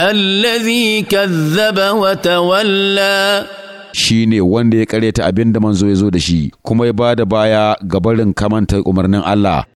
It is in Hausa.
الذي كذب وتولى shi ne wanda ya karyata abin da manzo ya zo da shi kuma ya ba da baya ga barin kamanta umarnin Allah